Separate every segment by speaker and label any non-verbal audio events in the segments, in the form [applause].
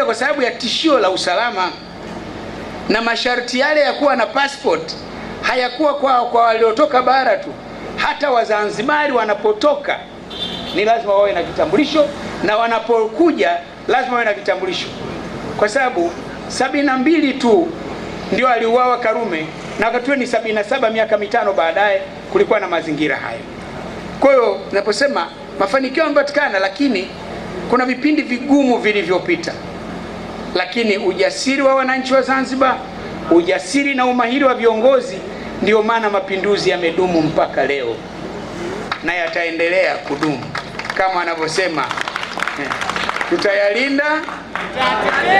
Speaker 1: Libya kwa sababu ya tishio la usalama, na masharti yale ya kuwa na passport hayakuwa kwa, kwa waliotoka bara tu. Hata Wazanzibari wanapotoka ni lazima wawe na vitambulisho, na wanapokuja lazima wawe na vitambulisho, kwa sababu sabini na mbili tu ndio aliuawa Karume na wakati ni sabini na saba miaka mitano baadaye kulikuwa na mazingira hayo. Kwa hiyo naposema mafanikio yamepatikana, lakini kuna vipindi vigumu vilivyopita lakini ujasiri wa wananchi wa Zanzibar, ujasiri na umahiri wa viongozi. Ndiyo maana mapinduzi yamedumu mpaka leo na yataendelea kudumu kama wanavyosema, eh, tutayalinda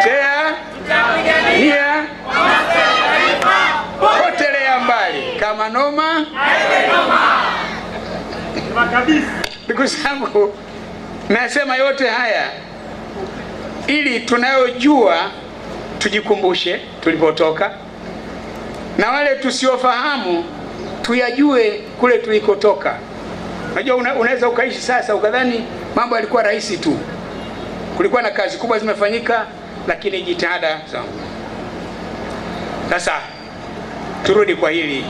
Speaker 1: teania potelea mbali kama noma. Ndugu zangu, nasema yote haya ili tunayojua tujikumbushe tulipotoka, na wale tusiofahamu tuyajue kule tulikotoka. Unajua, unaweza ukaishi sasa ukadhani mambo yalikuwa rahisi tu, kulikuwa na kazi kubwa zimefanyika, lakini jitihada sasa. Turudi kwa hili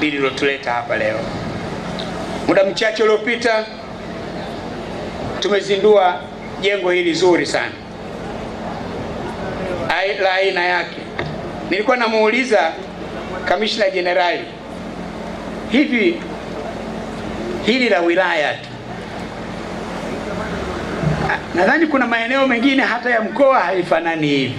Speaker 1: lililotuleta hapa leo. Muda mchache uliopita tumezindua jengo hili zuri sana la aina yake. Nilikuwa namuuliza kamishna jenerali, hivi hili la wilaya tu, nadhani kuna maeneo mengine hata ya mkoa haifanani hivi.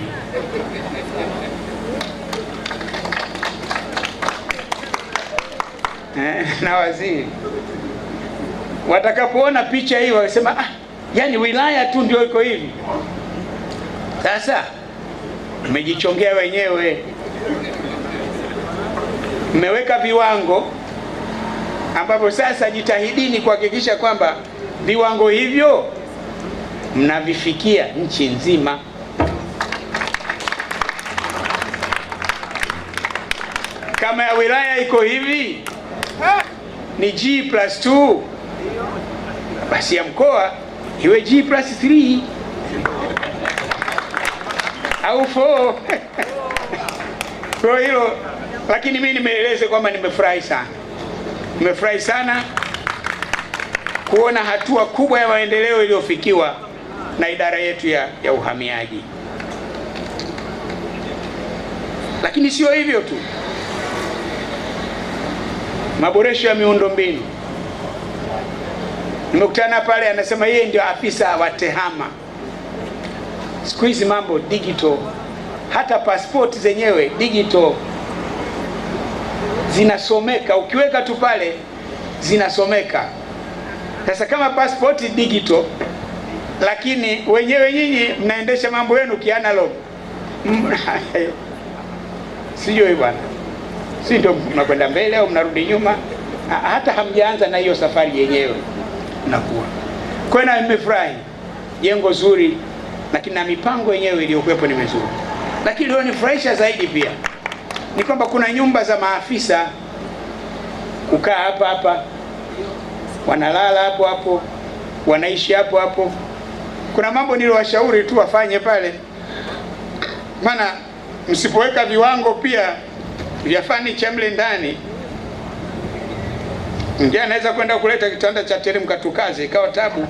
Speaker 1: Eh, na waziri watakapoona picha hii wasema, ah, yani wilaya tu ndio iko hivi sasa mmejichongea wenyewe. Mmeweka viwango ambapo sasa jitahidini kuhakikisha kwamba viwango hivyo mnavifikia nchi nzima. Kama ya wilaya iko hivi ni g2 basi ya mkoa iwe g3 au fo [laughs] kwa hilo lakini mimi nimeeleze kwamba nimefurahi sana, nimefurahi sana kuona hatua kubwa ya maendeleo iliyofikiwa na idara yetu ya, ya uhamiaji. Lakini sio hivyo tu, maboresho ya miundombinu. Nimekutana pale, anasema yeye ndio afisa wa TEHAMA siku hizi mambo digital, hata pasipoti zenyewe digital zinasomeka, ukiweka tu pale zinasomeka. Sasa kama pasipoti digital, lakini wenyewe nyinyi mnaendesha mambo yenu kianalog mm, [laughs] sijui bwana, si ndio? Mnakwenda mbele au mnarudi nyuma? Hata hamjaanza na hiyo safari yenyewe nakuwa Kwa hiyo nimefurahi jengo zuri lakini na mipango yenyewe iliyokuwepo ni mizuri. Lakini iliyonifurahisha zaidi pia ni kwamba kuna nyumba za maafisa kukaa hapa hapa, wanalala hapo hapo, wanaishi hapo hapo. Kuna mambo niliwashauri tu wafanye pale, maana msipoweka viwango pia vya fanicha mle ndani mgi anaweza kwenda kuleta kitanda cha teremka tukaze ikawa tabu.